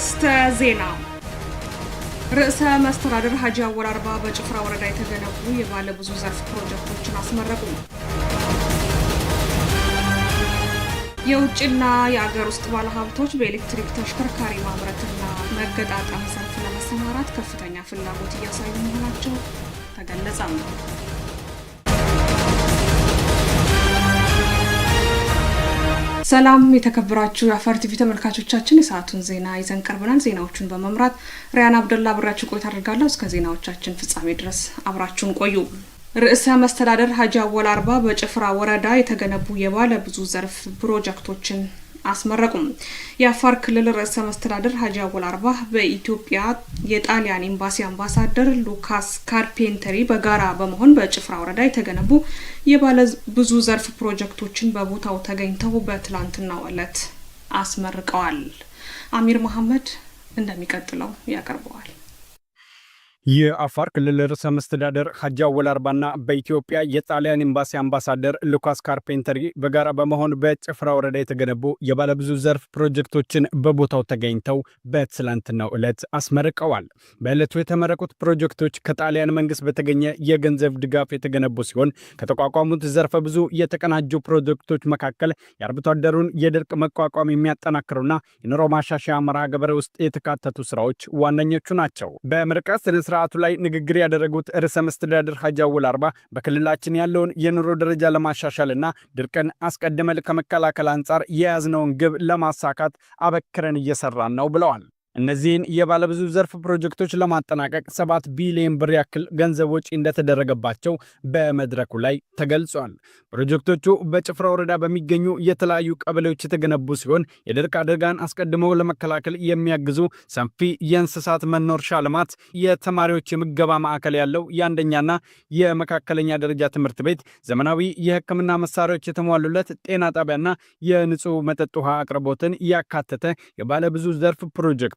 አርዕስተ ዜና ርዕሰ መስተዳድር ሀጂ አወል አርባ በጭፍራ ወረዳ የተገነቡ የባለ ብዙ ዘርፍ ፕሮጀክቶችን አስመረቁ። የውጭና የአገር ውስጥ ባለሀብቶች በኤሌክትሪክ ተሽከርካሪ ማምረትና መገጣጠም ዘርፍ ለመሰማራት ከፍተኛ ፍላጎት እያሳዩ መሆናቸው ተገለጸ። ሰላም የተከበራችሁ የአፋር ቲቪ ተመልካቾቻችን፣ የሰዓቱን ዜና ይዘን ቀርበናል። ዜናዎቹን በመምራት ሪያን አብደላ አብሬያችሁ ቆይታ አድርጋለሁ። እስከ ዜናዎቻችን ፍጻሜ ድረስ አብራችሁን ቆዩ። ርዕሰ መስተዳደር ሀጂ አወል አርባ በጭፍራ ወረዳ የተገነቡ የባለ ብዙ ዘርፍ ፕሮጀክቶችን አስመረቁም። የአፋር ክልል ርዕሰ መስተዳደር ሀጂ አወል አርባ በኢትዮጵያ የጣሊያን ኤምባሲ አምባሳደር ሉካስ ካርፔንተሪ በጋራ በመሆን በጭፍራ ወረዳ የተገነቡ የባለ ብዙ ዘርፍ ፕሮጀክቶችን በቦታው ተገኝተው በትላንትናው ዕለት አስመርቀዋል። አሚር መሐመድ እንደሚቀጥለው ያቀርበዋል። የአፋር ክልል ርዕሰ መስተዳደር ሀጂ አወል አርባና በኢትዮጵያ የጣሊያን ኤምባሲ አምባሳደር ሉካስ ካርፔንተሪ በጋራ በመሆን በጭፍራ ወረዳ የተገነቡ የባለብዙ ዘርፍ ፕሮጀክቶችን በቦታው ተገኝተው በትላንትናው ዕለት አስመርቀዋል። በዕለቱ የተመረቁት ፕሮጀክቶች ከጣሊያን መንግስት በተገኘ የገንዘብ ድጋፍ የተገነቡ ሲሆን ከተቋቋሙት ዘርፈ ብዙ የተቀናጁ ፕሮጀክቶች መካከል የአርብቶ አደሩን የድርቅ መቋቋም የሚያጠናክሩና የኑሮ ማሻሻያ መርሃ ግብር ውስጥ የተካተቱ ስራዎች ዋነኞቹ ናቸው። በምርቃት ስርዓቱ ላይ ንግግር ያደረጉት ርዕሰ መስተዳደር ሀጂ አወል አርባ በክልላችን ያለውን የኑሮ ደረጃ ለማሻሻል እና ድርቅን አስቀድመን ከመከላከል አንጻር የያዝነውን ግብ ለማሳካት አበክረን እየሰራን ነው ብለዋል። እነዚህን የባለብዙ ዘርፍ ፕሮጀክቶች ለማጠናቀቅ ሰባት ቢሊዮን ብር ያክል ገንዘብ ወጪ እንደተደረገባቸው በመድረኩ ላይ ተገልጿል። ፕሮጀክቶቹ በጭፍራ ወረዳ በሚገኙ የተለያዩ ቀበሌዎች የተገነቡ ሲሆን የድርቅ አደጋን አስቀድመው ለመከላከል የሚያግዙ ሰፊ የእንስሳት መኖ እርሻ ልማት፣ የተማሪዎች የምገባ ማዕከል ያለው የአንደኛና የመካከለኛ ደረጃ ትምህርት ቤት፣ ዘመናዊ የሕክምና መሳሪያዎች የተሟሉለት ጤና ጣቢያና የንጹህ መጠጥ ውሃ አቅርቦትን ያካተተ የባለብዙ ዘርፍ ፕሮጀክት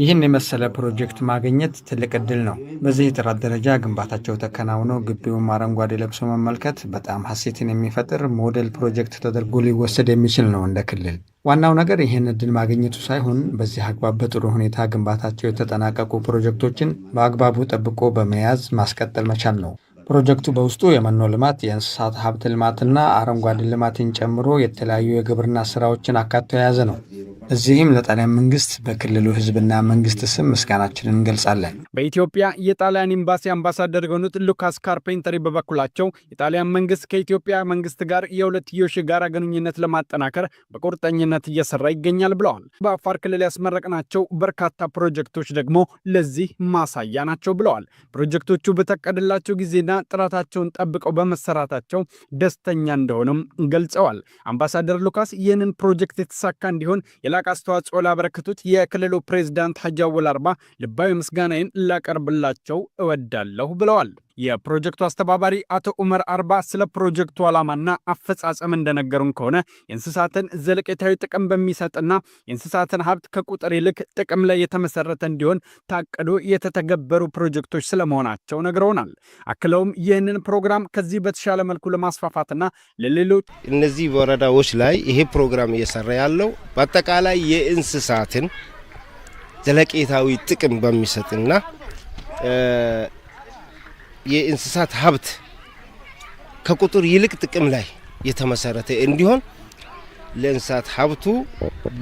ይህን የመሰለ ፕሮጀክት ማግኘት ትልቅ እድል ነው። በዚህ የጥራት ደረጃ ግንባታቸው ተከናውኖ ግቢውም አረንጓዴ ለብሶ መመልከት በጣም ሀሴትን የሚፈጥር ሞዴል ፕሮጀክት ተደርጎ ሊወሰድ የሚችል ነው እንደ ክልል። ዋናው ነገር ይህን እድል ማግኘቱ ሳይሆን በዚህ አግባብ በጥሩ ሁኔታ ግንባታቸው የተጠናቀቁ ፕሮጀክቶችን በአግባቡ ጠብቆ በመያዝ ማስቀጠል መቻል ነው። ፕሮጀክቱ በውስጡ የመኖ ልማት፣ የእንስሳት ሀብት ልማትና አረንጓዴ ልማትን ጨምሮ የተለያዩ የግብርና ስራዎችን አካቶ የያዘ ነው። እዚህም ለጣሊያን መንግስት በክልሉ ህዝብና መንግስት ስም ምስጋናችንን እንገልጻለን። በኢትዮጵያ የጣሊያን ኤምባሲ አምባሳደር የሆኑት ሉካስ ካርፔንተሪ በበኩላቸው የጣሊያን መንግስት ከኢትዮጵያ መንግስት ጋር የሁለትዮሽ ጋራ ግንኙነት ለማጠናከር በቁርጠኝነት እየሰራ ይገኛል ብለዋል። በአፋር ክልል ያስመረቅናቸው በርካታ ፕሮጀክቶች ደግሞ ለዚህ ማሳያ ናቸው ብለዋል። ፕሮጀክቶቹ በተቀደላቸው ጊዜና ጥራታቸውን ጠብቀው በመሰራታቸው ደስተኛ እንደሆነም ገልጸዋል። አምባሳደር ሉካስ ይህንን ፕሮጀክት የተሳካ እንዲሆን ታላቅ አስተዋጽኦ ላበረከቱት የክልሉ ፕሬዚዳንት ሐጂ አወል አርባ ልባዊ ምስጋናዬን ላቀርብላቸው እወዳለሁ ብለዋል። የፕሮጀክቱ አስተባባሪ አቶ ኡመር አርባ ስለ ፕሮጀክቱ ዓላማና አፈጻጸም እንደነገሩን ከሆነ የእንስሳትን ዘለቄታዊ ጥቅም በሚሰጥና የእንስሳትን ሀብት ከቁጥር ይልቅ ጥቅም ላይ የተመሰረተ እንዲሆን ታቅዶ የተተገበሩ ፕሮጀክቶች ስለመሆናቸው ነግረውናል። አክለውም ይህንን ፕሮግራም ከዚህ በተሻለ መልኩ ለማስፋፋትና ለሌሎች እነዚህ ወረዳዎች ላይ ይሄ ፕሮግራም እየሰራ ያለው በአጠቃላይ የእንስሳትን ዘለቄታዊ ጥቅም በሚሰጥና የእንስሳት ሀብት ከቁጥር ይልቅ ጥቅም ላይ የተመሰረተ እንዲሆን ለእንስሳት ሀብቱ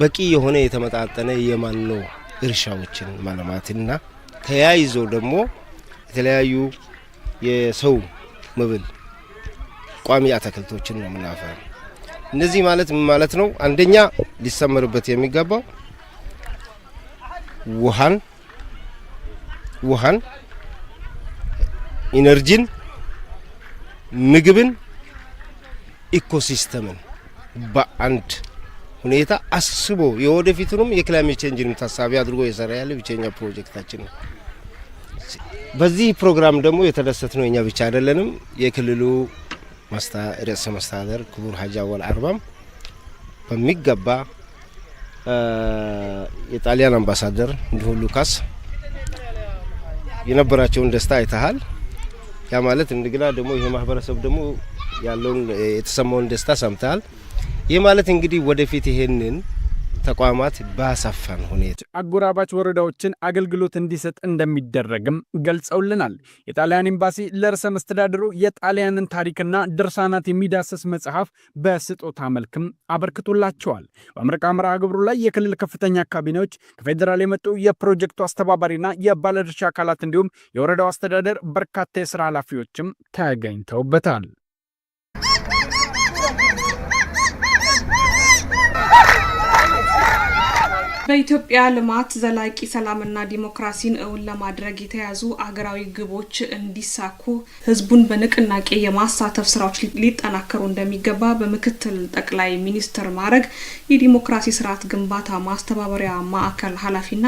በቂ የሆነ የተመጣጠነ የማኖ እርሻዎችን ማልማትና ተያይዞ ደግሞ የተለያዩ የሰው መብል ቋሚ አትክልቶችን ነው የምናፈራ። እነዚህ ማለት ምን ማለት ነው? አንደኛ ሊሰመርበት የሚገባው ውሃን ውሃን ኢነርጂን፣ ምግብን፣ ኢኮሲስተምን በአንድ ሁኔታ አስቦ የወደፊቱንም የክላይሜት ቼንጅንም ታሳቢ አድርጎ የሰራ ያለ ብቸኛ ፕሮጀክታችን ነው። በዚህ ፕሮግራም ደግሞ ነው እኛ ብቻ አይደለንም። የክልሉ ርዕሰ መስተዳደር ክቡር ሀጂ አወል አርባም በሚገባ የጣሊያን አምባሳደር እንዲሁም ሉካስ የነበራቸውን ደስታ አይተሃል። ያ ማለት እንደገና ደግሞ ይሄ ማህበረሰብ ደግሞ ያለውን የተሰማውን ደስታ ሰምተሃል። ይህ ማለት እንግዲህ ወደፊት ይሄንን ተቋማት ባሰፈን ሁኔታ አጎራባች ወረዳዎችን አገልግሎት እንዲሰጥ እንደሚደረግም ገልጸውልናል። የጣሊያን ኤምባሲ ለርዕሰ መስተዳድሩ የጣሊያንን ታሪክና ድርሳናት የሚዳሰስ መጽሐፍ በስጦታ መልክም አበርክቶላቸዋል። በምረቃ መርሃ ግብሩ ላይ የክልል ከፍተኛ ካቢኔዎች፣ ከፌዴራል የመጡ የፕሮጀክቱ አስተባባሪና የባለድርሻ አካላት እንዲሁም የወረዳው አስተዳደር በርካታ የስራ ኃላፊዎችም ተገኝተውበታል። በኢትዮጵያ ልማት ዘላቂ ሰላምና ዲሞክራሲን እውን ለማድረግ የተያዙ አገራዊ ግቦች እንዲሳኩ ህዝቡን በንቅናቄ የማሳተፍ ስራዎች ሊጠናከሩ እንደሚገባ በምክትል ጠቅላይ ሚኒስትር ማዕረግ የዲሞክራሲ ስርዓት ግንባታ ማስተባበሪያ ማዕከል ኃላፊና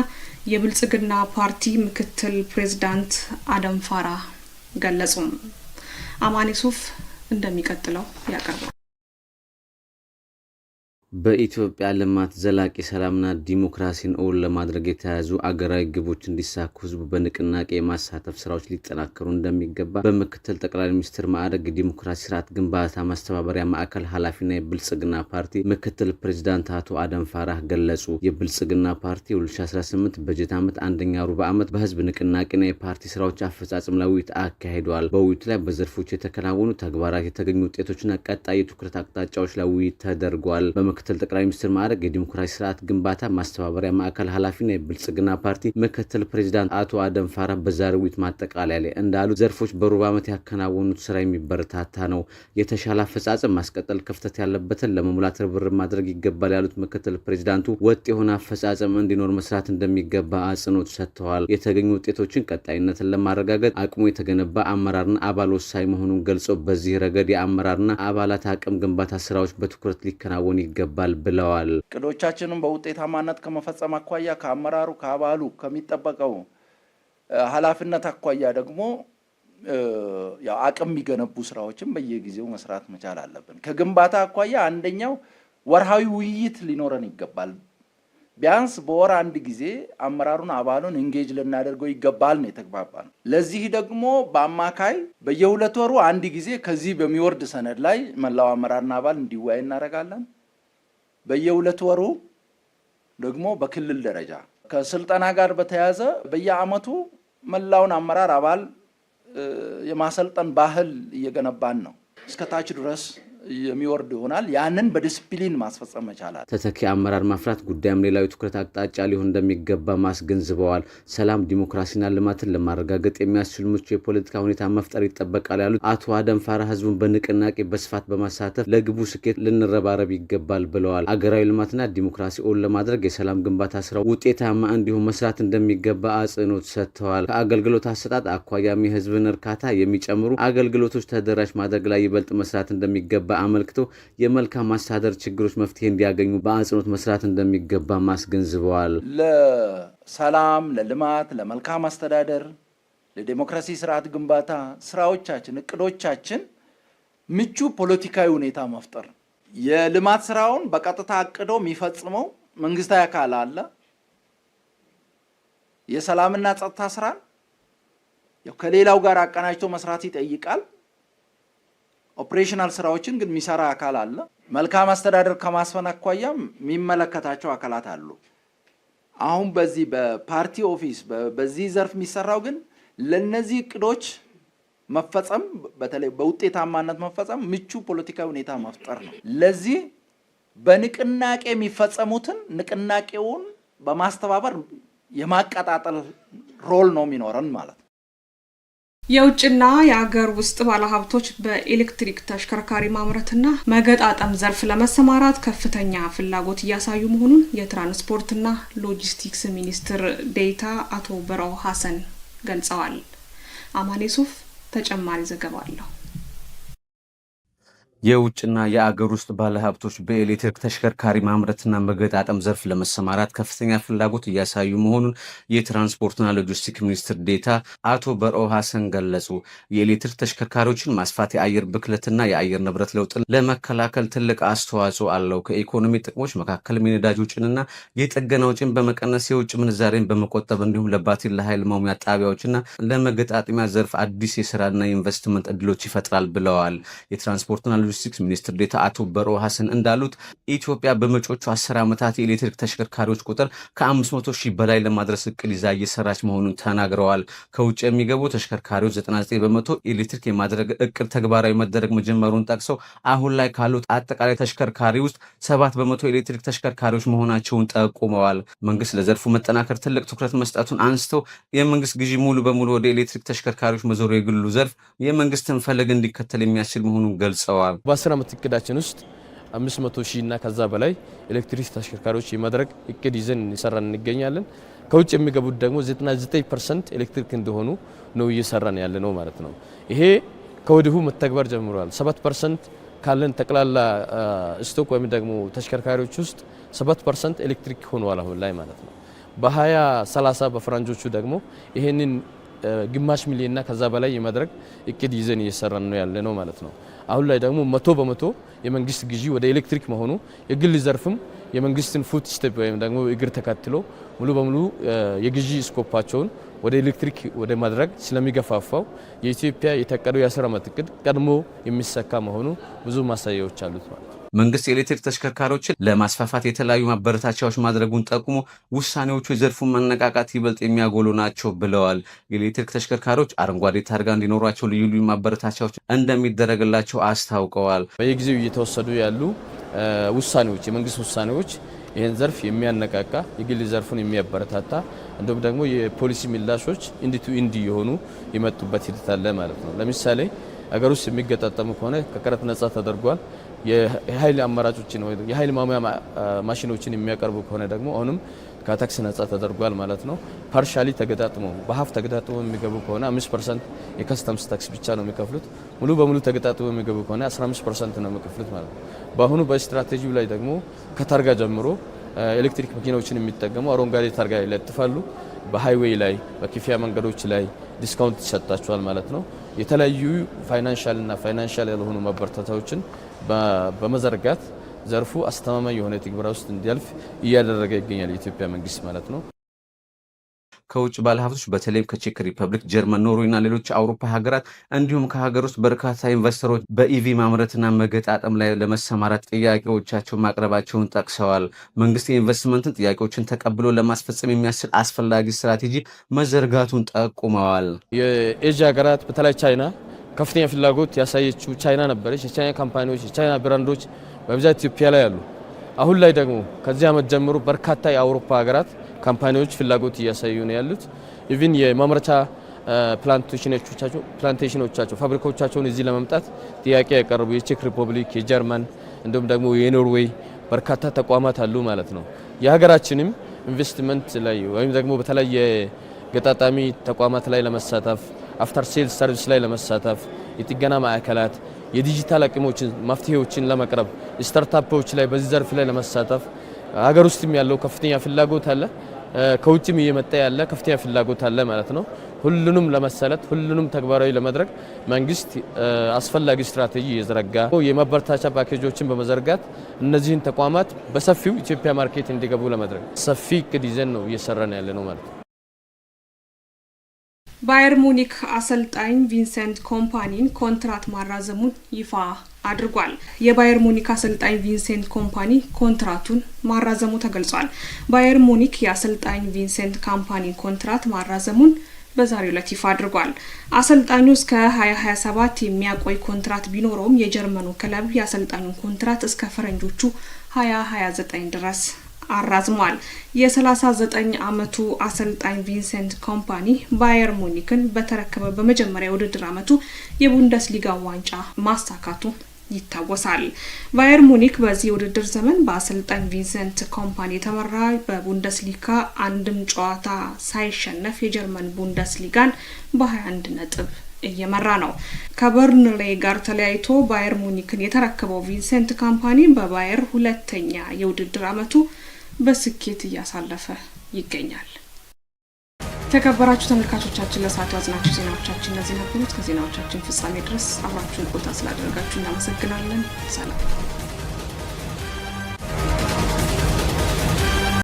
የብልጽግና ፓርቲ ምክትል ፕሬዚዳንት አደም ፋራ ገለጹም። አማኔ ሱፍ እንደሚቀጥለው ያቀርባል። በኢትዮጵያ ልማት ዘላቂ ሰላምና ዲሞክራሲን እውን ለማድረግ የተያዙ አገራዊ ግቦች እንዲሳኩ ህዝቡ በንቅናቄ የማሳተፍ ስራዎች ሊጠናከሩ እንደሚገባ በምክትል ጠቅላይ ሚኒስትር ማዕረግ የዲሞክራሲ ስርዓት ግንባታ ማስተባበሪያ ማዕከል ኃላፊና የብልጽግና ፓርቲ ምክትል ፕሬዚዳንት አቶ አደም ፋራህ ገለጹ። የብልጽግና ፓርቲ 2018 በጀት ዓመት አንደኛ ሩብ ዓመት በህዝብ ንቅናቄና የፓርቲ ስራዎች አፈጻጽም ላይ ውይይት አካሂደዋል። በውይይቱ ላይ በዘርፎች የተከናወኑ ተግባራት፣ የተገኙ ውጤቶችና ቀጣይ የትኩረት አቅጣጫዎች ላይ ውይይት ተደርጓል። ምክትል ጠቅላይ ሚኒስትር ማዕረግ የዲሞክራሲ ስርዓት ግንባታ ማስተባበሪያ ማዕከል ኃላፊና የብልጽግና ፓርቲ ምክትል ፕሬዚዳንት አቶ አደም ፋራ በዛሬው ማጠቃለያ ላይ እንዳሉ ዘርፎች በሩብ ዓመት ያከናወኑት ስራ የሚበረታታ ነው። የተሻለ አፈጻጸም ማስቀጠል ክፍተት ያለበትን ለመሙላት ርብርብ ማድረግ ይገባል ያሉት ምክትል ፕሬዚዳንቱ ወጥ የሆነ አፈጻጸም እንዲኖር መስራት እንደሚገባ አጽንኦት ሰጥተዋል። የተገኙ ውጤቶችን ቀጣይነትን ለማረጋገጥ አቅሙ የተገነባ አመራርና አባል ወሳኝ መሆኑን ገልጾ በዚህ ረገድ የአመራርና አባላት አቅም ግንባታ ስራዎች በትኩረት ሊከናወን ይገባል ይገባል ብለዋል። እቅዶቻችንም በውጤታማነት ከመፈጸም አኳያ ከአመራሩ ከአባሉ ከሚጠበቀው ኃላፊነት አኳያ ደግሞ አቅም የሚገነቡ ስራዎችን በየጊዜው መስራት መቻል አለብን። ከግንባታ አኳያ አንደኛው ወርሃዊ ውይይት ሊኖረን ይገባል። ቢያንስ በወር አንድ ጊዜ አመራሩን አባሉን እንጌጅ ልናደርገው ይገባል ነው የተግባባ ነው። ለዚህ ደግሞ በአማካይ በየሁለት ወሩ አንድ ጊዜ ከዚህ በሚወርድ ሰነድ ላይ መላው አመራርና አባል እንዲወያይ እናደርጋለን። በየሁለት ወሩ ደግሞ በክልል ደረጃ ከስልጠና ጋር በተያያዘ በየአመቱ መላውን አመራር አባል የማሰልጠን ባህል እየገነባን ነው እስከ ታች ድረስ የሚወርድ ይሆናል። ያንን በዲስፕሊን ማስፈጸም መቻላል። ተተኪ አመራር ማፍራት ጉዳይም ሌላው የትኩረት አቅጣጫ ሊሆን እንደሚገባ ማስገንዝበዋል። ሰላም ዲሞክራሲና ልማትን ለማረጋገጥ የሚያስችሉ ምቹ የፖለቲካ ሁኔታ መፍጠር ይጠበቃል ያሉት አቶ አደም ፋራ ህዝቡን በንቅናቄ በስፋት በማሳተፍ ለግቡ ስኬት ልንረባረብ ይገባል ብለዋል። አገራዊ ልማትና ዲሞክራሲ ኦን ለማድረግ የሰላም ግንባታ ስራው ውጤታማ እንዲሁም መስራት እንደሚገባ አጽንኦት ሰጥተዋል። ከአገልግሎት አሰጣጥ አኳያም የህዝብን እርካታ የሚጨምሩ አገልግሎቶች ተደራሽ ማድረግ ላይ ይበልጥ መስራት እንደሚገባ አመልክተው የመልካም አስተዳደር ችግሮች መፍትሄ እንዲያገኙ በአጽንኦት መስራት እንደሚገባ አስገንዝበዋል። ለሰላም፣ ለልማት፣ ለመልካም አስተዳደር፣ ለዴሞክራሲ ስርዓት ግንባታ ስራዎቻችን፣ እቅዶቻችን ምቹ ፖለቲካዊ ሁኔታ መፍጠር የልማት ስራውን በቀጥታ አቅዶ የሚፈጽመው መንግስታዊ አካል አለ። የሰላምና ጸጥታ ስራን ከሌላው ጋር አቀናጅቶ መስራት ይጠይቃል። ኦፕሬሽናል ስራዎችን ግን የሚሰራ አካል አለ። መልካም አስተዳደር ከማስፈን አኳያም የሚመለከታቸው አካላት አሉ። አሁን በዚህ በፓርቲ ኦፊስ በዚህ ዘርፍ የሚሰራው ግን ለነዚህ እቅዶች መፈጸም በተለይ በውጤታማነት መፈጸም ምቹ ፖለቲካዊ ሁኔታ መፍጠር ነው። ለዚህ በንቅናቄ የሚፈጸሙትን ንቅናቄውን በማስተባበር የማቀጣጠል ሮል ነው የሚኖረን ማለት ነው። የውጭና የአገር ውስጥ ባለሀብቶች በኤሌክትሪክ ተሽከርካሪ ማምረትና መገጣጠም ዘርፍ ለመሰማራት ከፍተኛ ፍላጎት እያሳዩ መሆኑን የትራንስፖርትና ሎጂስቲክስ ሚኒስትር ዴኤታ አቶ በረው ሀሰን ገልጸዋል። አማኔ ሱፍ ተጨማሪ ዘገባ አለው። የውጭና የአገር ውስጥ ባለሀብቶች በኤሌክትሪክ ተሽከርካሪ ማምረትና መገጣጠም ዘርፍ ለመሰማራት ከፍተኛ ፍላጎት እያሳዩ መሆኑን የትራንስፖርትና ሎጂስቲክ ሚኒስትር ዴታ አቶ በርኦ ሀሰን ገለጹ። የኤሌክትሪክ ተሽከርካሪዎችን ማስፋት የአየር ብክለትና የአየር ንብረት ለውጥን ለመከላከል ትልቅ አስተዋጽኦ አለው። ከኢኮኖሚ ጥቅሞች መካከልም የነዳጅ ውጭንና የጥገና ውጭን በመቀነስ የውጭ ምንዛሬን በመቆጠብ እንዲሁም ለባትሪ ለኃይል መሙያ ጣቢያዎችና ለመገጣጠሚያ ዘርፍ አዲስ የስራና የኢንቨስትመንት እድሎች ይፈጥራል ብለዋል። የትራንስፖርትና ሎጂስቲክስ ሚኒስትር ዴታ አቶ በሮ ሀሰን እንዳሉት ኢትዮጵያ በመጪዎቹ አስር ዓመታት የኤሌክትሪክ ተሽከርካሪዎች ቁጥር ከ500 ሺህ በላይ ለማድረስ እቅድ ይዛ እየሰራች መሆኑን ተናግረዋል። ከውጭ የሚገቡ ተሽከርካሪዎች 99 በመቶ ኤሌክትሪክ የማድረግ እቅድ ተግባራዊ መደረግ መጀመሩን ጠቅሰው አሁን ላይ ካሉት አጠቃላይ ተሽከርካሪ ውስጥ ሰባት በመቶ ኤሌክትሪክ ተሽከርካሪዎች መሆናቸውን ጠቁመዋል። መንግስት ለዘርፉ መጠናከር ትልቅ ትኩረት መስጠቱን አንስተው የመንግስት ግዢ ሙሉ በሙሉ ወደ ኤሌክትሪክ ተሽከርካሪዎች መዞሩ የግሉ ዘርፍ የመንግስትን ፈለግ እንዲከተል የሚያስችል መሆኑን ገልጸዋል። በ10 ዓመት እቅዳችን ውስጥ 500 ሺህ እና ከዛ በላይ ኤሌክትሪክ ተሽከርካሪዎች የማድረግ እቅድ ይዘን እየሰራን እንገኛለን። ከውጭ የሚገቡት ደግሞ 99 ፐርሰንት ኤሌክትሪክ እንደሆኑ ነው እየሰራን ያለ ነው ማለት ነው። ይሄ ከወዲሁ መተግበር ጀምሯል። 7 ፐርሰንት ካለን ጠቅላላ ስቶክ ወይም ደግሞ ተሽከርካሪዎች ውስጥ 7 ፐርሰንት ኤሌክትሪክ ሆኗል አሁን ላይ ማለት ነው። በ2030 በፈረንጆቹ ደግሞ ይህንን ግማሽ ሚሊዮንና ከዛ በላይ የማድረግ እቅድ ይዘን እየሰራን ነው ያለ ነው ማለት ነው። አሁን ላይ ደግሞ መቶ በመቶ የመንግስት ግዢ ወደ ኤሌክትሪክ መሆኑ የግል ዘርፍም የመንግስትን ፉት ስቴፕ ወይም ደግሞ እግር ተከትሎ ሙሉ በሙሉ የግዢ ስኮፓቸውን ወደ ኤሌክትሪክ ወደ ማድረግ ስለሚገፋፋው የኢትዮጵያ የታቀደው የአስር ዓመት እቅድ ቀድሞ የሚሰካ መሆኑ ብዙ ማሳያዎች አሉት ማለት ነው። መንግስት የኤሌክትሪክ ተሽከርካሪዎችን ለማስፋፋት የተለያዩ ማበረታቻዎች ማድረጉን ጠቁሞ ውሳኔዎቹ የዘርፉን መነቃቃት ይበልጥ የሚያጎሉ ናቸው ብለዋል። የኤሌክትሪክ ተሽከርካሪዎች አረንጓዴ ታርጋ እንዲኖሯቸው ልዩ ልዩ ማበረታቻዎች እንደሚደረግላቸው አስታውቀዋል። በየጊዜው እየተወሰዱ ያሉ ውሳኔዎች፣ የመንግስት ውሳኔዎች ይህን ዘርፍ የሚያነቃቃ የግል ዘርፉን የሚያበረታታ እንዲሁም ደግሞ የፖሊሲ ምላሾች እንዲቱ እንዲ የሆኑ የመጡበት ሂደት አለ ማለት ነው። ለምሳሌ አገር ውስጥ የሚገጣጠሙ ከሆነ ከቀረጥ ነጻ ተደርጓል። የኃይል አማራጮችን ወይ የኃይል ማሙያ ማሽኖችን የሚያቀርቡ ከሆነ ደግሞ አሁንም ከታክስ ነጻ ተደርጓል ማለት ነው። ፓርሻሊ ተገጣጥሞ በሀፍ ተገጣጥሞ የሚገቡ ከሆነ 5 ፐርሰንት የከስተምስ ታክስ ብቻ ነው የሚከፍሉት። ሙሉ በሙሉ ተገጣጥሞ የሚገቡ ከሆነ 15 ፐርሰንት ነው የሚከፍሉት ማለት ነው። በአሁኑ በስትራቴጂው ላይ ደግሞ ከታርጋ ጀምሮ ኤሌክትሪክ መኪናዎችን የሚጠቀሙ አረንጓዴ ታርጋ ይለጥፋሉ። በሃይዌይ ላይ በክፍያ መንገዶች ላይ ዲስካውንት ይሰጣቸዋል ማለት ነው። የተለያዩ ፋይናንሻልና ፋይናንሻል ያልሆኑ ማበረታታዎችን በመዘርጋት ዘርፉ አስተማማኝ የሆነ ትግበራ ውስጥ እንዲያልፍ እያደረገ ይገኛል የኢትዮጵያ መንግስት ማለት ነው። ከውጭ ባለሀብቶች በተለይም ከቼክ ሪፐብሊክ፣ ጀርመን፣ ኖርዌይ ሌሎች አውሮፓ ሀገራት እንዲሁም ከሀገር ውስጥ በርካታ ኢንቨስተሮች በኢቪ ማምረትና መገጣጠም ላይ ለመሰማራት ጥያቄዎቻቸውን ማቅረባቸውን ጠቅሰዋል። መንግስት የኢንቨስትመንትን ጥያቄዎችን ተቀብሎ ለማስፈጸም የሚያስችል አስፈላጊ ስትራቴጂ መዘርጋቱን ጠቁመዋል። የኤዥያ ሀገራት በተለይ ቻይና ከፍተኛ ፍላጎት ያሳየችው ቻይና ነበረች። የቻይና ካምፓኒዎች፣ የቻይና ብራንዶች በብዛት ኢትዮጵያ ላይ አሉ። አሁን ላይ ደግሞ ከዚህ ዓመት ጀምሮ በርካታ የአውሮፓ ሀገራት ካምፓኒዎች ፍላጎት እያሳዩ ነው ያሉት። ኢቭን የማምረቻ ፕላንቴሽኖቻቸው ፋብሪካዎቻቸውን እዚህ ለመምጣት ጥያቄ ያቀረቡ የቼክ ሪፐብሊክ፣ የጀርመን እንዲሁም ደግሞ የኖርዌይ በርካታ ተቋማት አሉ ማለት ነው። የሀገራችንም ኢንቨስትመንት ላይ ወይም ደግሞ በተለያየ ገጣጣሚ ተቋማት ላይ ለመሳተፍ አፍተር ሴልስ ሰርቪስ ላይ ለመሳተፍ የጥገና ማዕከላት የዲጂታል አቅሞችን መፍትሄዎችን ለመቅረብ ስታርታፖች ላይ በዚህ ዘርፍ ላይ ለመሳተፍ ሀገር ውስጥም ያለው ከፍተኛ ፍላጎት አለ፣ ከውጭም እየመጣ ያለ ከፍተኛ ፍላጎት አለ ማለት ነው። ሁሉንም ለመሰለት ሁሉንም ተግባራዊ ለማድረግ መንግስት አስፈላጊ ስትራቴጂ እየዘረጋ የማበረታቻ ፓኬጆችን በመዘርጋት እነዚህን ተቋማት በሰፊው ኢትዮጵያ ማርኬት እንዲገቡ ለማድረግ ሰፊ እቅድ ይዘን ነው እየሰራን ያለ ነው ማለት ነው። ባየር ሙኒክ አሰልጣኝ ቪንሰንት ኮምፓኒን ኮንትራት ማራዘሙን ይፋ አድርጓል። የባየር ሙኒክ አሰልጣኝ ቪንሴንት ኮምፓኒ ኮንትራቱን ማራዘሙ ተገልጿል። ባየር ሙኒክ የአሰልጣኝ ቪንሴንት ካምፓኒ ኮንትራት ማራዘሙን በዛሬው ዕለት ይፋ አድርጓል። አሰልጣኙ እስከ 2027 የሚያቆይ ኮንትራት ቢኖረውም የጀርመኑ ክለብ የአሰልጣኙን ኮንትራት እስከ ፈረንጆቹ 2029 ድረስ አራዝሟል። የ39 ዓመቱ አሰልጣኝ ቪንሰንት ኮምፓኒ ባየር ሙኒክን በተረከበ በመጀመሪያ የውድድር ዓመቱ የቡንደስሊጋ ዋንጫ ማሳካቱ ይታወሳል። ባየር ሙኒክ በዚህ የውድድር ዘመን በአሰልጣኝ ቪንሰንት ኮምፓኒ የተመራ በቡንደስሊጋ አንድም ጨዋታ ሳይሸነፍ የጀርመን ቡንደስሊጋን በ21 ነጥብ እየመራ ነው። ከበርንሌ ጋር ተለያይቶ ባየር ሙኒክን የተረከበው ቪንሰንት ኮምፓኒ በባየር ሁለተኛ የውድድር ዓመቱ በስኬት እያሳለፈ ይገኛል። የተከበራችሁ ተመልካቾቻችን ለሰዓቱ ያዝናችሁ ዜናዎቻችን እነዚህ ነበሩት። ከዜናዎቻችን ፍጻሜ ድረስ አብራችሁን ቆይታ ስላደረጋችሁ እናመሰግናለን። ሰላም